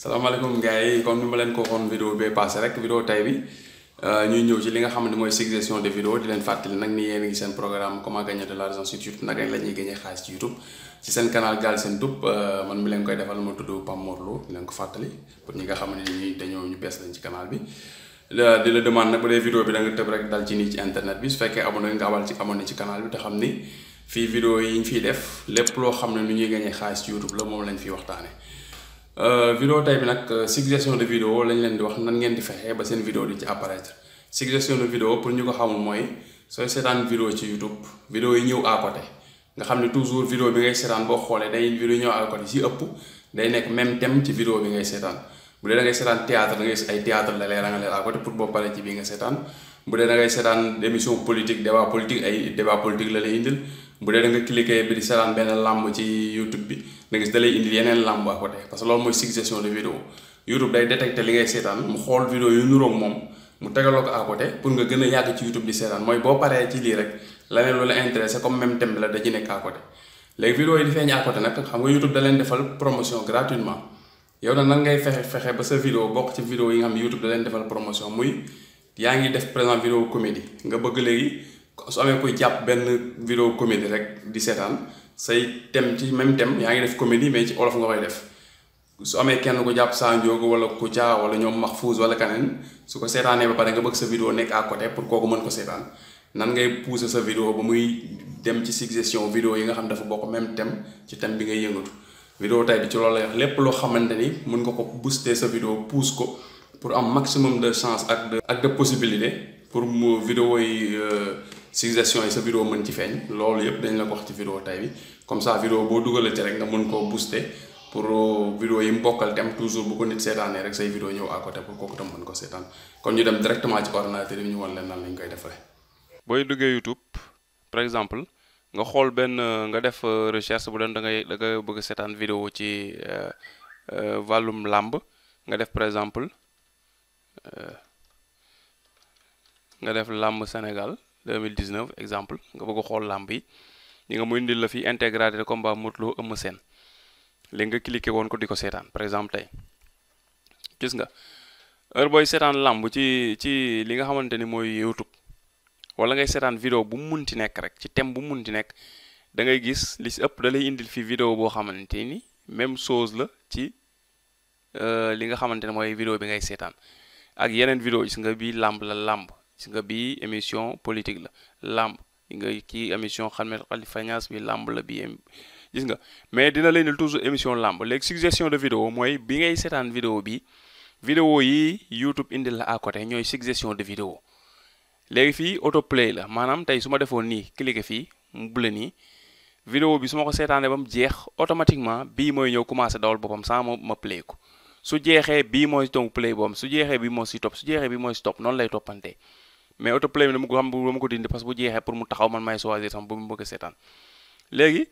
salaamaaleykum gars yi comme ni ma leen ko waxoon vidéo bee passé rek vidéo tay bi euh, ñuy ñëw ci li nga xam ne mooy suggestion de vidéo di leen fàttali nag ni yéen seen programme comment gagner de l'argent sur seen canal Galsen Tube euh, man mi leen koy defal ma tudd Pape Mor Lo di leen ko fàttali pour ñi nga xam ne ni dañoo ñu bees lañ ci canal bi di la demande nag bu dee vidéo bi da nga tëb rek dal ci nii ci internet bi su fekkee abonné nga abal ci abonné ci canal bi te xam ni fii vidéo yi ñu fiy def lépp loo xam ne nu ñuy gagner xaalis ci YouTube la moom lañ fiy waxtaane Euh, vidéo tey bi nag euh, suggestion de vidéo lañ leen di wax nan ngeen di fexe ba seen vidéo di ci apparaître suggestion de vidéo pour ñu ko xamul mooy sooy seetaan vidéo ci YouTube vidéo yi ñëw à nga xam ne toujours vidéo bi ngay seetaan boo xoolee day ëpp day nekk même ci vidéo bi ngay seetaan bu dee da ngay seetaan théâtre da ngay la leer nga leer à pour boo paree ci bii nga seetaan bu dee da ngay seetaan émission politique débat politique ay débat politique la lay indil bu bi di seetaan benn làmb ci bi nga gis dalay yeneen làmb à côté parce que loolu mooy suggestion de vidéo YouTube day détecté li ngay seetaan mu xool vidéo yu niroog moom mu tegaloo ko à pour nga gën a yàgg ci YouTube di seetaan mooy boo paree ci lii rek leneen lu la intéressé comme même thème bi la da ci nekk à côté léegi vidéo yi di feeñ à côté nag xam nga YouTube da defal promotion gratuitement yow nag ngay fexe fexe ba sa vidéo bokk ci vidéo yi nga xam ne YouTube da leen defal yaa ngi def présent vidéo comédie nga bëgg léegi su amee koy jàpp benn vidéo comédie rek di seetaan say thème ci même thème yaa ngi def comédie mais ci olof nga koy def su amee kenn ko jàpp Sa Ndiogou wala Kouthia wala ñoom max Mahfouz wala keneen su ko seetaanee ba pare nga bëgg sa vidéo nekk à côté pour kooku mën ko seetaan nan ngay pousser sa vidéo ba muy dem ci suggestion vidéo yi nga xam dafa bokk même tem ci thème bi ngay yëngatu vidéo tey bi ci loolu lay lépp loo xamante ni mën nga ko booster sa vidéo pouse ko pour am maximum de chance ak de ak possibilité pour mu vidéo yi euh, suggestion yi sa vidéo mën ci feeñ loolu yëpp dañ la ko wax ci vidéo tey bi comme ça vidéo boo dugalee ci rek nga mën koo booster pour euh, vidéo yi mu bokkal tam toujours bu ko nit seetaanee rek say vidéo ñëw à côté pour kooku tam mën ko seetaan kon ñu dem directement ci ordinateur yi ñu wan leen nan lañ koy defaree. booy duggee YouTube par exemple nga xool benn nga def euh, recherche bu doon da ngay da bëgg seetaan vidéo ci vàllum euh, làmb nga def par exemple nga làmb Sénégal. 2019 exemple nga bëgg xool làmb yi ñi nga mu indil la fi intégralité de combat Modou Lô Eumeu Sène nga cliqué woon ko di ko seetaan par exemple tey gis nga heure booy seetaan làmb ci ci li nga xamante ni mooy YouTube wala ngay seetaan vidéo bu mun munti nekk rek ci thème bu mu munti nekk dangay gis li si ëpp da lay indil fi vidéo boo xamante ni même chose la ci euh, li nga xamante ne mooy vidéo bi ngay seetaan ak yeneen vidéo gis nga bii làmb la làmb gis nga bii émission politique la làmb nga kii émission xam ne Khalifa bi làmb la bii gis nga mais dina leen toujours émission làmb léegi suggestion de vidéo mooy bi ngay seetaan vidéo bi vidéo yi YouTube indi la à côté ñooy suggestion de vidéo léegi fii autoplay la maanaam tey su ma defoon nii cliquer fii mu bule nii vidéo bi su ma ko seetaanee ba mu jeex automatiquement bii mooy ñëw commencé dawal boppam sans ma ma play ko su jeexee bii mooy si topp play boppam su jeexee bii si topp su jeexee bii mooy si topp noonu lay toppantee mais autoplay bi dama ko xam dama ko dindi parce bu jeexee pour mu taxaw man may choisir sax bu mu bëgg a seetaan léegi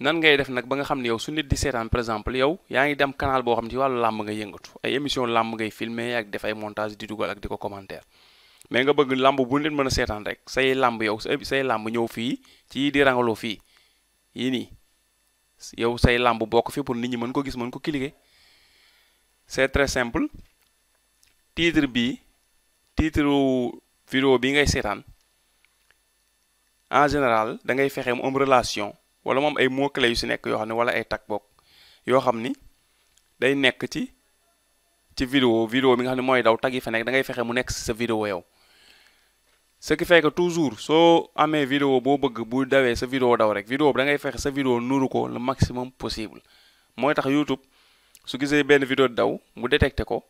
nan ngay def nag ba nga xam ne yow su nit di seetaan par exemple yow yaa ngi dem canal boo xam ne ci wàllu làmb ngay yëngatu ay émission làmb ngay filmer ak def ay montage di dugal ak di ko commentaire mais nga bëgg làmb bu nit mën a seetaan rek say làmb yow say làmb ñëw fii ci di rangaloo fii yii nii yow say làmb bokk fi pour nit ñi mën ko gis mën ko cliquer c'est très simple titre bi titre vidéo bi ngay seetaan en général da ngay fexe mu am relation wala moom ay mots clés yu si nekk yoo xam ne wala ay tag bokk yoo xam ni day nekk ci ci vidéo vidéo bi nga xam ne mooy daw tag yi fa nekk da ngay fexe mu nekk si sa vidéo yow ce qui fait toujours soo amee vidéo boo bëgg bu dawee sa vidéo daw rek vidéo bi da ngay fexe sa vidéo nuru ko le maximum possible mooy tax YouTube su gisee benn vidéo daw mu détecté ko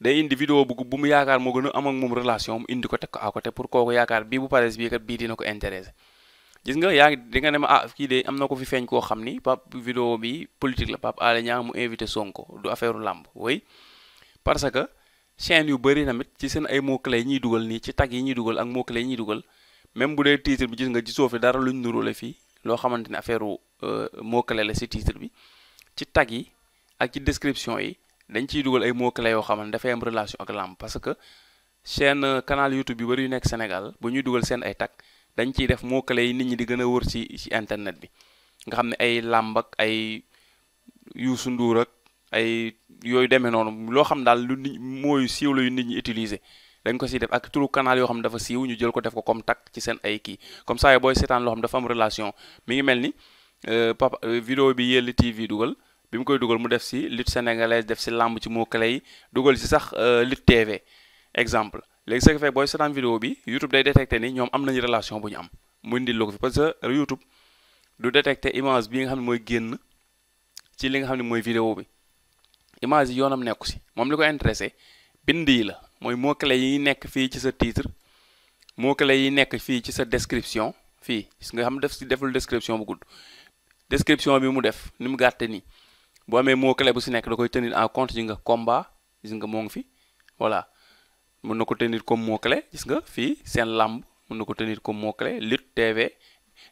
day indi vidéo bu bu mu yaakaar moo gën a am moom relation mu indi ko teg ko à côté pour kooku yaakaar bii bu parees bii kat bii dina ko intéressé gis nga yaa ngi di nga ne ma ah kii de am na ko fi feeñ koo xam ni Pape vidéo bi politique la Pape Alé Niang mu invité Sonko du affaire làmb oui parce que chaîne yu bari tamit ci seen ay mots clés yi ñuy dugal nii ci tag yi ñuy dugal ak mots clés yi ñuy dugal même bu dee titre bi gis nga gisoo fi dara luñ nurule fii loo xamante ne affaire euh, mots clés la si bi ci tag yi ak ci description yi dañ ciy dugal ay mots yoo xam ne dafay am relation ak làmb parce que chaîne euh, canal YouTube bi bari yu nekk Sénégal bu ñuy dugal seen ay tag dañ ciy def mots clés yi nit ñi di gën a wër ci ci internet bi nga xam ne ay làmb ak ay Youssou nduur ak ay yooyu demee noonu loo xam daal lu nit mooy siiw la yu nit ñi utiliser dañ ko si def ak turu canal yoo xam ne dafa siiw ñu jël ko def ko comme takk ci seen ay kii comme ça booy seetaan loo xam dafa am relation mi ngi mel ni euh, papa euh, vidéo bi Yelli TV dugal. bi mu koy dugal mu def si lutte sénégalaise def si làmb ci moo clés yi dugal si sax euh, lutte TV exemple léegi ce qui fait booy seetaan vidéo bi YouTube day détecté ni ñoom am nañu relation bu ñu am mu indil la ko fi que YouTube du détecté image bi nga xam ne mooy génn ci li nga xam ne mooy vidéo bi image yi yoonam nekku si moom li ko intéressé bind yi la mooy mots-clés yi nekk fii ci sa titre mots-clés yi nekk fii ci sa description fii nga xam def si deful description bu gudd description bi mu def ni mu gàtte nii bu amee mot clé bu si nekk da koy tenir en compte gis nga combat gis nga moo ngi fi voilà mën na ko tenir comme mot clé gis nga fii seen làmb mën na ko tenir comme mot clé lutte TV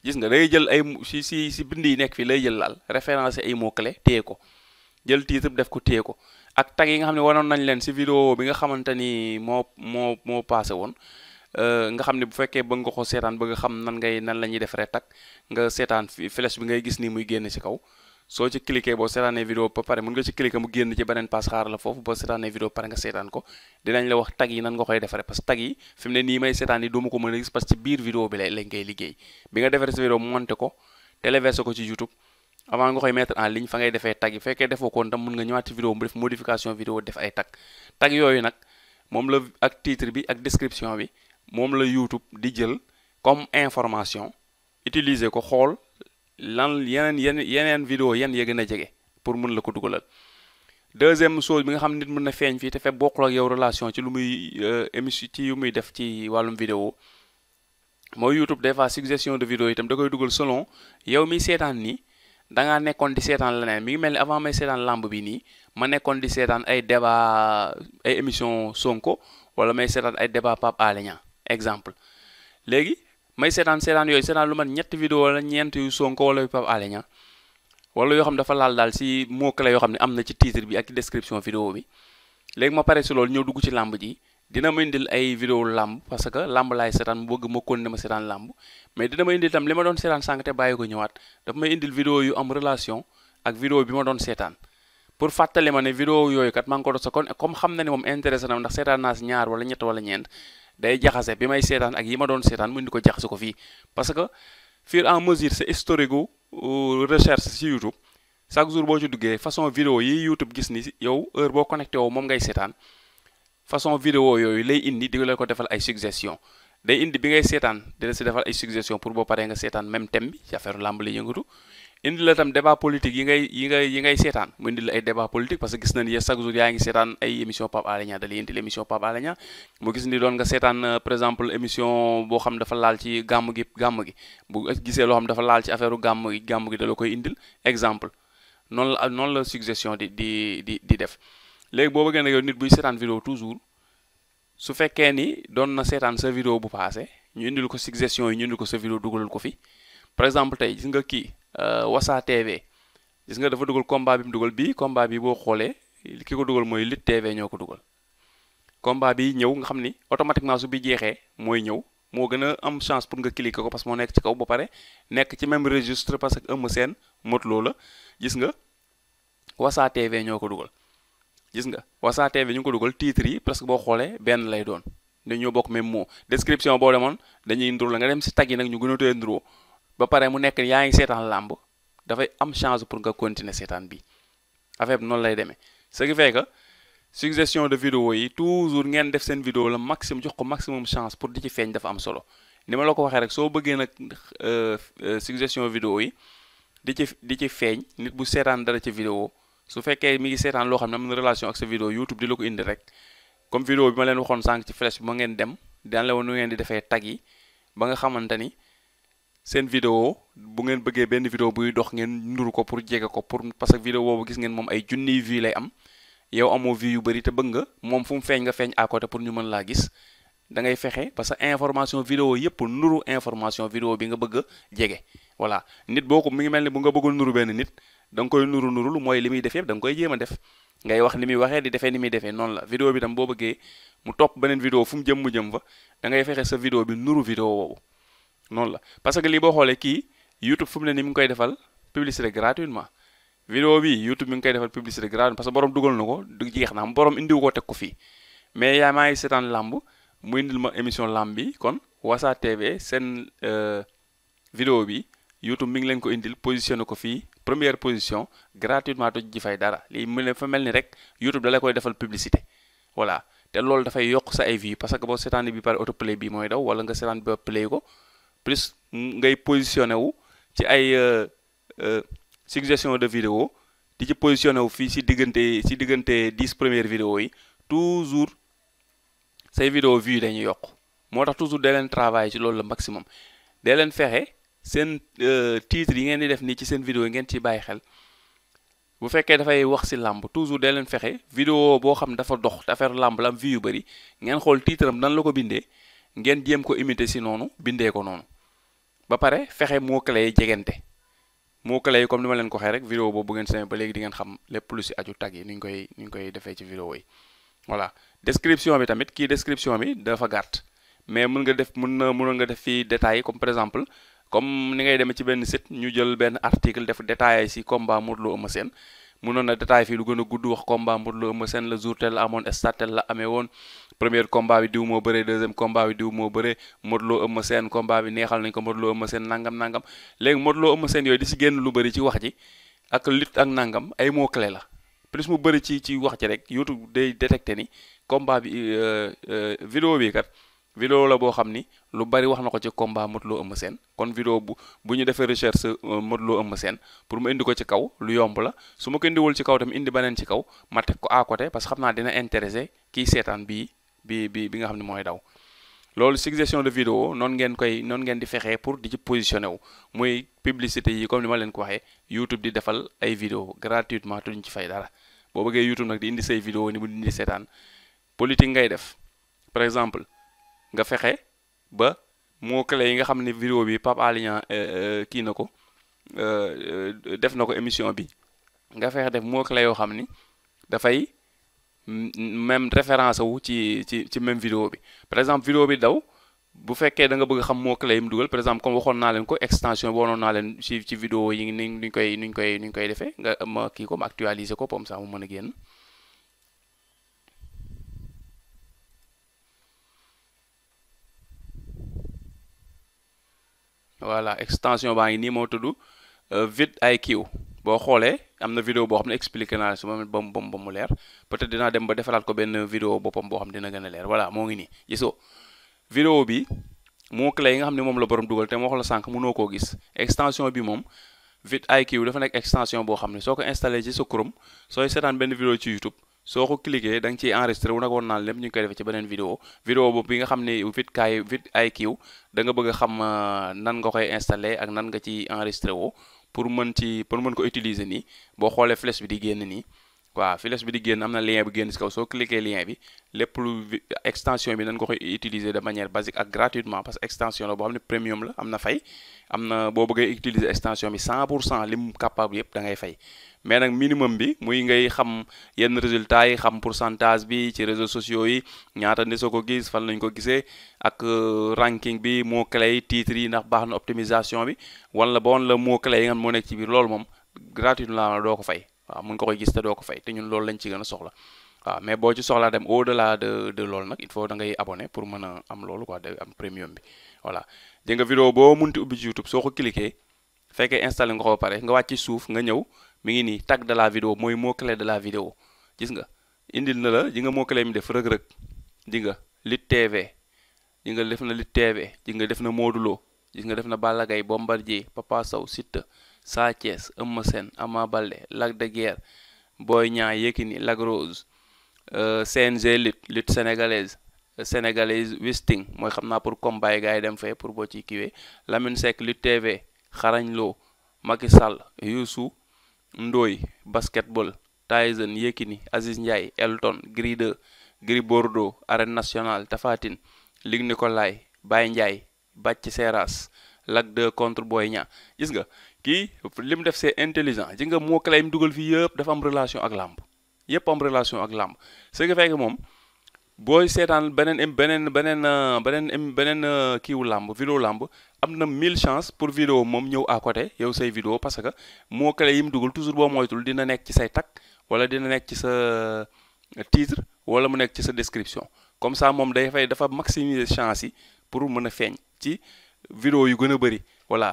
gis nga day jël ay si si bind yi nekk fii lay jël laal référencé ay mot clé ko jël titre def ko téye ko ak tag yi nga xam ne wanoon nañ leen si vidéo bi nga xamante ni moo moo moo passé woon euh, nga xam ne bu fekkee ba nga ko seetaan bëgg xam nan ngay nan la ñuy defaree tag nga seetaan fi flèche bi ngay gis nii muy génn si kaw soo ci cliquer boo seetaanee vidéo ba pare mën nga ci cliquer mu génn ci beneen pass xaar la foofu boo seetaanee vidéo pare nga seetaan ko dinañ la wax tag yi nan nga koy defaree parce tag yi fi ne nii may seetaan yi doomu ko mën a gis parce biir vidéo bi lay lañ koy liggéey bi nga defaree sa vidéo fa ngay defee tag yi fekkee defoo ko tam mën nga ñëwaat ci vidéo mu moom la ak titre bi ak description bi moom la YouTube di jël comme information utiliser ko xool lan yeneen yenn yeneen vidéo yan ya gën a jege pour mun la ko dugalal deuxième chose bi nga xam nit mën na feeñ fii te fekk bokkul ak yow relation ci lu muy euh, émission ci yu muy def ci wàllum vidéo mooy YouTube des fois suggestion de vidéo itam da koy dugal selon yow mi seetaan nii danga nekkoon di seetaan leneen mi ngi mel ni avant may seetaan làmb bi nii ma nekkoon di seetaan ay débat ay émission Sonko wala may seetaan ay débat Pape Alé exemple léegi may seetaan seetaan yooyu seetaan lu mat ñetti vidéo wala ñeent yu Sonko wala yu Pape Alé Niang yoo xam dafa laal daal si mot clé yoo xam ne am na ci titre bi ak description vidéo bi léegi ma pare si loolu ñëw dugg ci làmb ji dina ma indil ay vidéo làmb parce que làmb laay seetaan mu bëgg ma kon ne ma seetaan làmb mais dina ma indil tam li ma doon seetaan sànq te bàyyi ko ñëwaat dafa may indil vidéo yu am relation ak vidéo bi ma doon seetaan pour fàttali ma ne vidéo yooyu kat maa ngi ko doon sa na ne moom intéressé na ndax ñaar wala ñett wala ñeent day jaxase bi may seetaan ak yi ma doon seetaan mu indi ko jaxase ko fii parce que fur en mesure c'est historique gu euh, recherche ci YouTube chaque jour boo ci duggee façon vidéo yi YouTube gis ni yow heure boo connecté woo moom ngay seetaan façon vidéo yooyu lay indi di la ko defal ay suggestion day indi bi ngay seetaan di la si defal ay suggestion pour boo paree nga seetaan même thème bi ci làmb li yëngatu indi la tam débat politique yi ngay yi ngay ngay seetaan mu indi la ay débat politique parce que gis nañ ye chaque jour yaa ngi seetaan ay émission Pape Alé Niang da lay indi l'émission Pape gis ni doon nga seetaan euh, par exemple émission boo xam dafa laal ci gàmm gi gàmm gi bu gisee loo xam dafa laal ci affaire gàmm gi gàmm gi da koy indil exemple noon la noonu la suggestion di di di di def léegi boo bëggee nag yow nit buy seetaan vidéo toujours su fekkee ni doon na seetaan sa bu passé ñu indil ko suggestion yi ñu indil ko sa dugalal ko fi par exemple tey nga kii Euh, Wasaa TV gis nga dafa dugal combat bi mu dugal bii combat bi boo xoolee ki ko dugal mooy Lutte TV ñoo ko dugal combat bi ñëw nga xam ni automatiquement su bi jeexee mooy ñëw moo gën a am chance pour nga cliquer ko parce moo nekk ci kaw ba pare nekk ci même registre parce que Eumeu Sène Modou la gis nga Wasaa TV ñoo ko dugal gis nga Wasaa TV ñu ngi ko dugal titres yi presque boo xoolee benn lay doon dañoo bokk même mot description boo demoon dañuy nduroo la nga dem si tag yi nag ñu gën a tee nduroo ba pare mu nekk yaa ngi seetaan làmb dafay am chance pour nga continuer seetaan bi affaire noonu lay demee ce qui fait que suggestion de vidéo yi toujours ngeen def seen vidéo la maximum jox ko maximum chance pour di ci feeñ dafa am solo ni ma la ko waxee rek soo bëggee nag euh, euh, suggestion video yi di ci di ci feeñ nit bu seetaan dara ci vidéo su fekkee mi ngi seetaan loo xam ne am na relation ak sa vidéo YouTube di la ko indi rek comme vidéo bi ma leen waxoon sànq ci flash ma ngeen dem daan la woon di defee tag yi ba nga xamante ni seen video bu ngeen bëggee benn vidéo buy dox ngeen nuru ko pour jege ko pour parce que vidéo boobu gis ngeen moom ay junniy vues lay am yow amoo vues yu bëri te bëgg nga moom fu mu feeñ nga feeñ à côté pour ñu mën laa gis da fexe parce que information vidéo yëpp nuru information vidéo bi nga bëgg jege voilà nit boo ko mi ngi mel ni bu nga bëggul nuru benn nit da nga koy nuru lu mooy li muy def yëpp da nga koy jéem a def ngay wax ni muy waxee di defee ni muy defee noonu la vidéo bi tam boo bëggee mu topp beneen vidéo fu mu jëm mu jëm fa dangay fexe sa vidéo bi nuru vidéo boobu noonu la parce que lii boo xoolee kii YouTube fu mu ne nii mu ngi koy defal publicité gratuitement vidéo bi YouTube mi ngi koy defal publicité gratuitement parce que borom ko du jeex na am borom ko teg ko fii mais yaa maa ngi seetaan làmb mu indil ma émission làmb bi kon Wasaa TV seen euh, vidéo bi YouTube mi ngi leen ko indil ne ko fii première position gratuitement to ji fay dara lii mu fa mel ni rek YouTube da la koy defal publicité voilà te loolu dafay yokk sa ay vues parce que boo seetaan bi par autoplay bi mooy daw wala nga seetaan ba play ko plus ngay positionné wu ci ay euh, euh, suggestion de vidéo di ci positionné wu fii si diggante si diggante dix premières vidéos yi toujours say vidéo vues dañuy yokk moo tax toujours de leen travail ci loolu la maximum dee leen fexe seen euh, titre yi ngeen di def nii ci seen vidéo ngeen ci bàyyi xel bu fekkee dafay wax si làmb toujours de leen fexe vidéo boo xam dafa dox te affaire làmb la am view yu bëri ngeen xool titre am nan la ko bindee ngeen jéem ko imiter si noonu bindee ko noonu ba pare fexe moo clé yi jegante moo clé comme ni ma leen ko waxee rek vidéo boobu bu ngeen seen ba léegi di ngeen xam lépp lu si aju tag yi ni ñu koy ni ñu koy defee ci vidéo yi voilà description bi tamit kii description bi dafa gàtt mais mën nga def mën na mën nga def fii détail comme par exemple comme ni ngay deme ci benn site ñu jël benn article def détaillé si comme combat Modou Lo Eumeu seen mënoon na détail fii lu gën a gudd wax combat Modou Lo Eumeu Sène la jour tel la amoon stade tel la amee woon premier combat bi diw moo bëree deuxième combat bi diw moo bëree Modou Lo seen Sène bi neexal nañ ko Modou Lo Eumeu nangam nangam léegi Modou Lo seen Sène yooyu di si génn lu bëri ci wax ji ak lit ak nangam ay mots clés la plus mu bëri ci ci wax ji rek YouTube day détecté ni combat bi euh, euh, vidéo bi kat vidéo la boo xam ni lu bari wax na ko ci combat Modou Lo Eumeu kon vidéo bu bu ñu defee recherche euh, Modou Lo seen pour mu indi ko ci kaw lu yomb la su ma ko indiwul kaw tamit indi beneen ci kaw ma teg ko à côté parce que xam naa dina intéressé seetaan bii bi bi bi nga xam ne mooy daw loolu suggestion de vidéo noonu ngeen koy noonu ngeen di fexee pour di ci positionné wu muy publicité yi comme ni ma leen ko waxee YouTube di defal ay vidéo gratuitement te duñ ci fay dara boo bëggee YouTube nag di indi say vidéo ni mu indi seetaan politique ngay def par exemple nga fexe ba moo clé yi nga xam ne vidéo bi Pape Alé Niang euh, euh, kii na ko euh, def na ko émission bi nga fexe def moo clé yoo xam ni dafay même référence wu ci ci ci même vidéo bi par exemple vidéo bi daw bu fekkee da nga bëgg xam moo clé yi mu dugal par exemple comme waxoon naa leen ko extension bi woonoon naa leen ci ci yi ni ñu koy ni ñu koy ni ñu koy defee nga ma kii ko ma ko comme sax mu mën a génn voilà extension baa ngi nii moo tudd euh, vidIQ boo xoolee am na vidéo boo xam ne expliqué naa su ma ba mu ba mu leer peut-être dinaa dem ba defaraat ko benn vidéo boppam boo xam dina gën a leer voilà moo ngi nii gisoo vidéo bi moo clé nga xam ne moom la borom dugal te ma wax la sànq munoo ko gis extension bi moom vidIQ dafa nekk extension boo xam ne soo ko installé ci sa Chrome sooy seetaan benn vidéo ci YouTube soo ko cliquer da nga ciy enregistré wu nag woon naan lépp ñu ngi koy defee ci beneen vidéo vidéo bi nga xam ne vite kaay vite ay kiiw da bëgg a xam euh, nan nga koy installé ak nan nga ci enregistré woo pour mën ci pour mën ko utiliser nii boo xoolee flèche bi di génn nii waaw flèche bi di génn am na lien bi génn si kaw soo cliquer lien bi lépp lu extension bi nan nga koy utiliser de manière basique ak gratuitement parce que extension la boo xam ne premium la am na fay am na boo bëggee utiliser extension bi 100 pour cent lim capable yëpp da ngay fay mais nag minimum bi muy ngay xam yenn résultat yi xam pourcentage bi ci réseau sociaux yi ñaata ni soo ko gis fan lañ ko gisee ak euh, ranking bi mot clé yi titres yi ndax baax na optimisation bi wala ba woon la mot clé yi nga xam moo nekk ci biir loolu moom gratuit la doo ko fay waaw mun nga koy gis te doo ko fay te ñun loolu lañ ci gën a soxla waaw mais boo ci soxlaa dem au delà de de loolu nag il faut da ngay pour mën a am loolu quoi de am bi voilà di nga vidéo boo munti ubbi ci YouTube soo ko cliqué fekkee installé nga ko ba pare nga wàcc ci suuf nga ñëw mi ngi nii tag de la vidéo mooy mot clé de la vidéo gis nga indil na la ji nga mot mi def rëg-rëg di nga lit tv di nga def na lit tv di nga def na Modou Lo nga def na Balla Gaye Bombardier Papa Sow Siteu Sa Thiès Eumeu Sène Ama Baldé Lac de Guiers Boy Niang Yékini Lac Rose euh, CNG lutte lutte sénégalaise sénégalaise westing mooy xam naa pour combat yi gars dem fee pour boo ci kiiwee Lamine Seck lutte TV xarañ loo Macky Ndoye basketball Tyson Yekini Aziz Ndiaye Elton Gris 2 Gris Bordeaux Arène national Tapha Tine Luc Nicolaï Baye Ndiaye Bathie Seras Lac 2 contre booy Niang gis nga kii li mu def c'est intelligent gis nga moo clé mu dugal fii yëpp dafa am relation ak làmb yëpp am relation ak làmb ce qui fait moom booy seetaan beneen beneen beneen euh, beneen beneen euh, kiiwu làmb vidéo làmb am na mille chance pour vidéo moom ñëw à côté yow say vidéo parce que moo clé yi mu dugal toujours boo moytul dina nekk ci say tag wala dina nekk ci sa euh, titre wala mu nekk ci sa description comme ça moom day fay dafa maximiser chance yi pour mën a feeñ ci vidéo yu gën a bëri voilà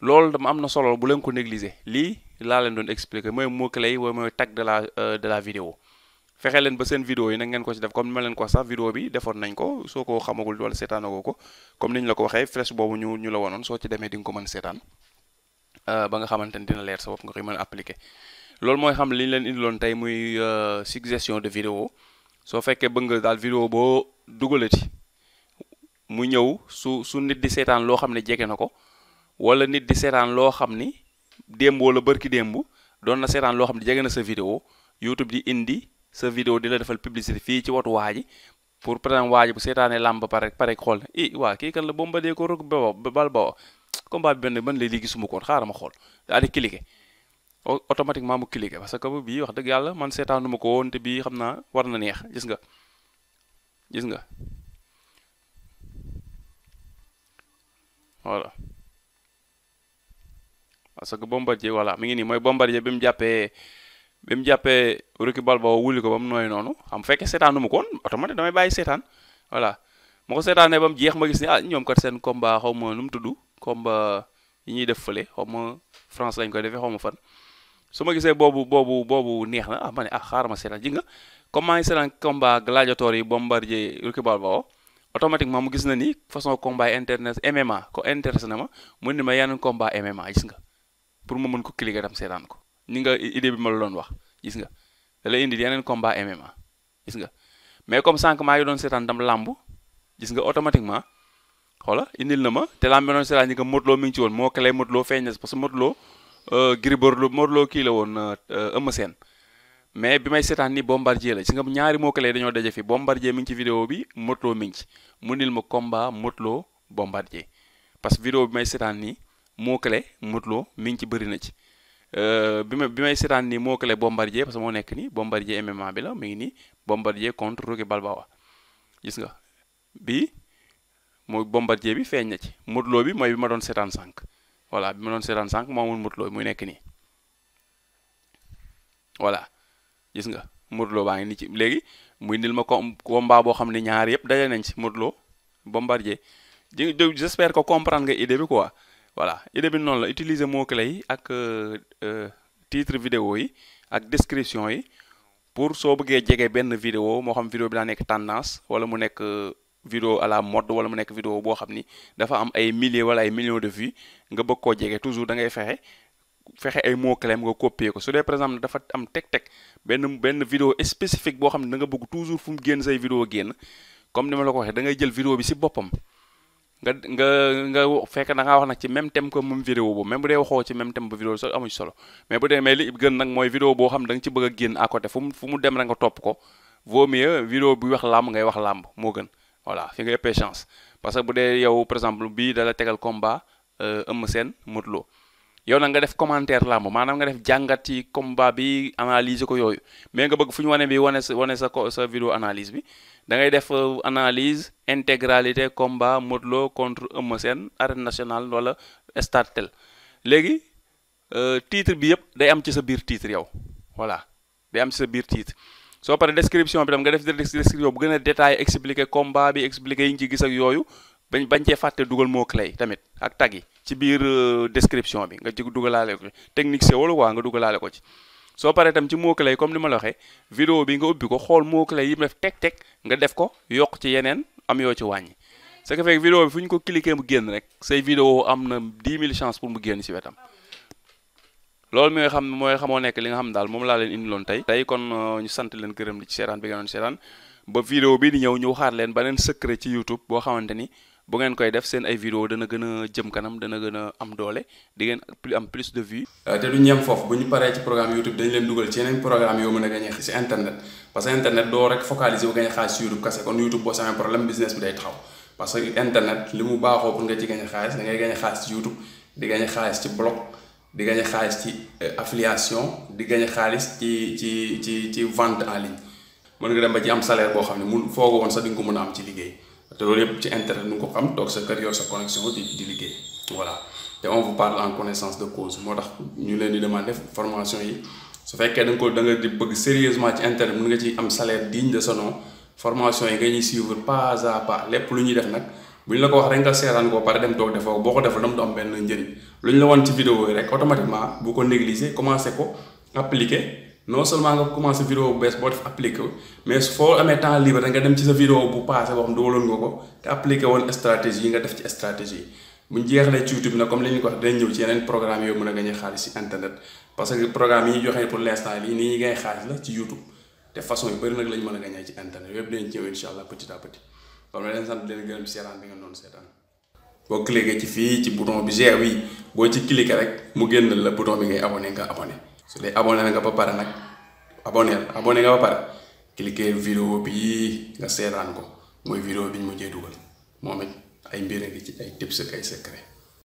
loolu dama am na solo bu leen ko négliger lii laa leen doon expliquer mooy mot clé yi wala mooy tag de la de la vidéo fexe leen ba seen vidéo yi nag ngeen ko ci def comme ni ma leen ko wax sax vidéo bi defoon nañ ko soo ko xamagul wala ko comme ni la ko waxee flèche boobu ñu ñu la wonoon soo ci demee di nga ko mën seetaan euh, ba nga xamante leer sa bopp nga koy mën a loolu mooy xam li ñu leen indiloon tey muy euh, suggestion de vidéo soo fekkee bëgg nga daal vidéo boo dugalati mu ñëw su su nit di seetaan loo xam ne jege na ko wala nit di seetaan loo xam ni démb wala bërki démb doon na seetaan loo xam ne jege na sa vidéo YouTube di indi sa vidéo di la defal publicité fii ci watu waa pour par exemple bu seetaanee làmb pare pare xool ne i waa kii kan la Bombardier ko rog ba bal ba combat bi benn ban lay lii gisuma koon xaaral ma xool parce que wax dëgg yàlla man seetaanuma ko woon te xam naa war na neex gis nga gis nga voilà parce que Bombardier voilà mi ngi nii mooy Bombardier bi mu jàppee bi mu jàppee Rocky Balboa wuli ko ba mu nooy noonu xam fekke seetaanu ma ko woon automatique damay bàyyi seetaan voilà ma ko ba mu jeex ma gis ni ah ñoom kat seen combat xaw ma nu mu tudd combat yi ñuy def fële xaw ma France lañ koy defee xaw ma fan su ma gisee boobu boobu boobu neex na ah ma ne ah xaaral ma seetaan ji nga comme maa ngi seetaan combat gladiator yi Bombardier Rocky Balboa automatiquement mu gis na ni façon combat internet MMA ko intéressé na ma mu ne ma yenn combat MMA gis nga pour mu mën ko cliquer tam seetaan ko. ni nga idée bi ma la doon wax gis nga da lay indi yeneen combat MMA gis nga mais comme sànq maa ngi doon seetaan dam làmb gis nga automatiquement xoola indi la ma te làmb bi doon seetaan ñi nga Modou Lo mi ngi ci woon moo clé Modou Lo feeñ que Modou Lo euh, Gris Bordeaux Modou la woon euh, Eumeu Sène mais bi may seetaan ni Bombardier la gis nga ñaari moo clé dañoo daje fi Bombardier mi ngi ci vidéo bi Modou Lo ngi ci mu nil ma combat Modou Lo Bombardier parce que vidéo bi may seetaan nii moo clé Modou mi ngi ci bëri na ci Euh, bi ma bi may seetaan nii moo clé Bombardier parce que moo nekk nii Bombardier MMA bi la mu ngi nii Bombardier contre Rocky Balboa gis nga bii mooy Bombardier bi feeñ na ci Modou bi mooy ma doon seetaan sànq voilà bi ma doon sànq moo amul muy nekk nii voilà gis nga Modou baa ngi nii léegi muy nil ma ko combat boo xam ne ñaar yëpp daje nañ ci Modou Lo Bombardier j'espère que voilà idée bi noonu la utiliser mot clé yi ak euh, euh, titre vidéo yi ak description yi pour soo bëggee jege benn vidéo moo xam vidéo bi daa nekk tendance wala mu nekk euh, vidéo à la mode wala mu nekk vidéo boo xam ni dafa am ay milliers wala ay millions de vie nga bëgg ko jege toujours dangay fexe fexe ay mots clés nga koppee ko su dee par exemple dafa am teg-teg benn benn vidéo spécifique boo xam ne da bëgg toujours fu mu génn say vidéo génn comme ni ma la ko waxee dangay jël vidéo bi si boppam nga nga nga fekk da ngaa wax nag ci même tem ko moom vidéo boobu même bu dee waxoo ci même thème bu vidéo sax amu ci solo mais bu dee mais li gën nag mooy vidéo bo xam da nga ci bëgg a génn à côté fu mu fu mu dem rek nga topp ko vaut mieux vidéo bi wax làmb ngay wax làmb moo gën voilà fi nga ëppee chance parce que bu dee yow par exemple bii dala tegal combat euh, Eumeu Sène Modou Lo yow nag nga def commentaire làmb maanaam nga def jàngat ci combat bi analyser ko yooyu mais nga bëgg fu ñu wane bi wane sa wane sa sa vidéo analyse bi da ngay def euh, analyse intégralité combat Modou Lo contre Eumeu Sène arène nationale wala stade tel léegi euh, titre bi yëpp day am ci sa biir titre yow voilà day am ci biir titre soo paree description bi tam nga def description bu gën a détaillé expliqué combat bi expliqué yi ñu ci gis ak yooyu bañ bañ cee fàtte dugal moo clé tamit ak tag yi ci biir euh, description bi nga ci dugalaale ko technique SEO la waa nga dugalaale ko ci soo paree tam ci mot clé comme ni ma la waxee vidéo bi nga ubbi ko xool mot clé yi mu def teg-teg nga def ko yokk ci yeneen am yoo ci wàññi ce qui fait que bi fu ñu ko cliquer mu génn rek say vidéo am na 10 000 chances pour mu génn si wetam loolu mi nga xam mooy xamoo nekk li nga xam daal moom laa leen indiloon tey tey kon euh, leen gërëm li ci seetaan bi nga doon seetaan di ñëw ñu waxaat leen beneen secret ci YouTube boo xamante ni bu ngeen koy def seen ay vidéo dana gën a jëm kanam dana gën a am doole di ngeen am plus de vues. Euh, te du ñem foofu bu ñu paree ci programme YouTube dañu leen dugal ci yeneen programme yoo mën a gagné si internet parce que internet doo rek focaliser que internet li mu baaxoo pour nga ci gagné xaalis da ngay gagné xaalis ci YouTube di gagné xaalis ci blog di ci euh, affiliation di gagné xaalis ci ci ci ci vente en ligne mën dem ba ci am salaire boo xam ne mun foogoo woon sax dinga ko mun a am ci liggéey. te loolu yëpp ci internet nu ko xam toog sa kër sa connexion di di liggéey voilà te on vous parle en connaissance de cause moo tax ñu leen di demander formation yi su fekkee da nga ko da nga di bëgg sérieusement ci internet mën nga ci am salaire digne de son nom formation yi nga ñuy suivre pas à pas lépp lu ñuy def nag bu ñu la ko wax rek nga seeraan ko pare dem toog defoo boo ko defal dama du am benn njëriñ lu ñu la woon ci vidéo yi rek automatiquement bu ko négliger commencé ko appliquer. non seulement nga commencé vidéo bu bees boo def appliqué mais foo amee temps libre nga dem ci sa vidéo bu passé boo xam dugaloon nga ko te appliqué woon stratégie yi nga def ci stratégie buñ jeexalee ci YouTube nag comme li ñu ko wax dañ ñëw ci yeneen programme yooyu mën a gagné xaalis ci internet parce que programme yi ñu joxe pour l'instant lii nii ñuy gagné xaalis la ci YouTube te façon yu bëri nag lañ mën a gagné ci internet yëpp dañ leen ci seetaan bi nga boo ci fii ci bouton bi gère bi boo ci cliqué rek mu génn su dee abonné nga ba pare nag abonné abonné nga ba pare cliquer vidéo bii nga seetaan ko mooy vidéo bi ñu mujjee dugal moom ay mbir ngi ci ay tips ak ay secret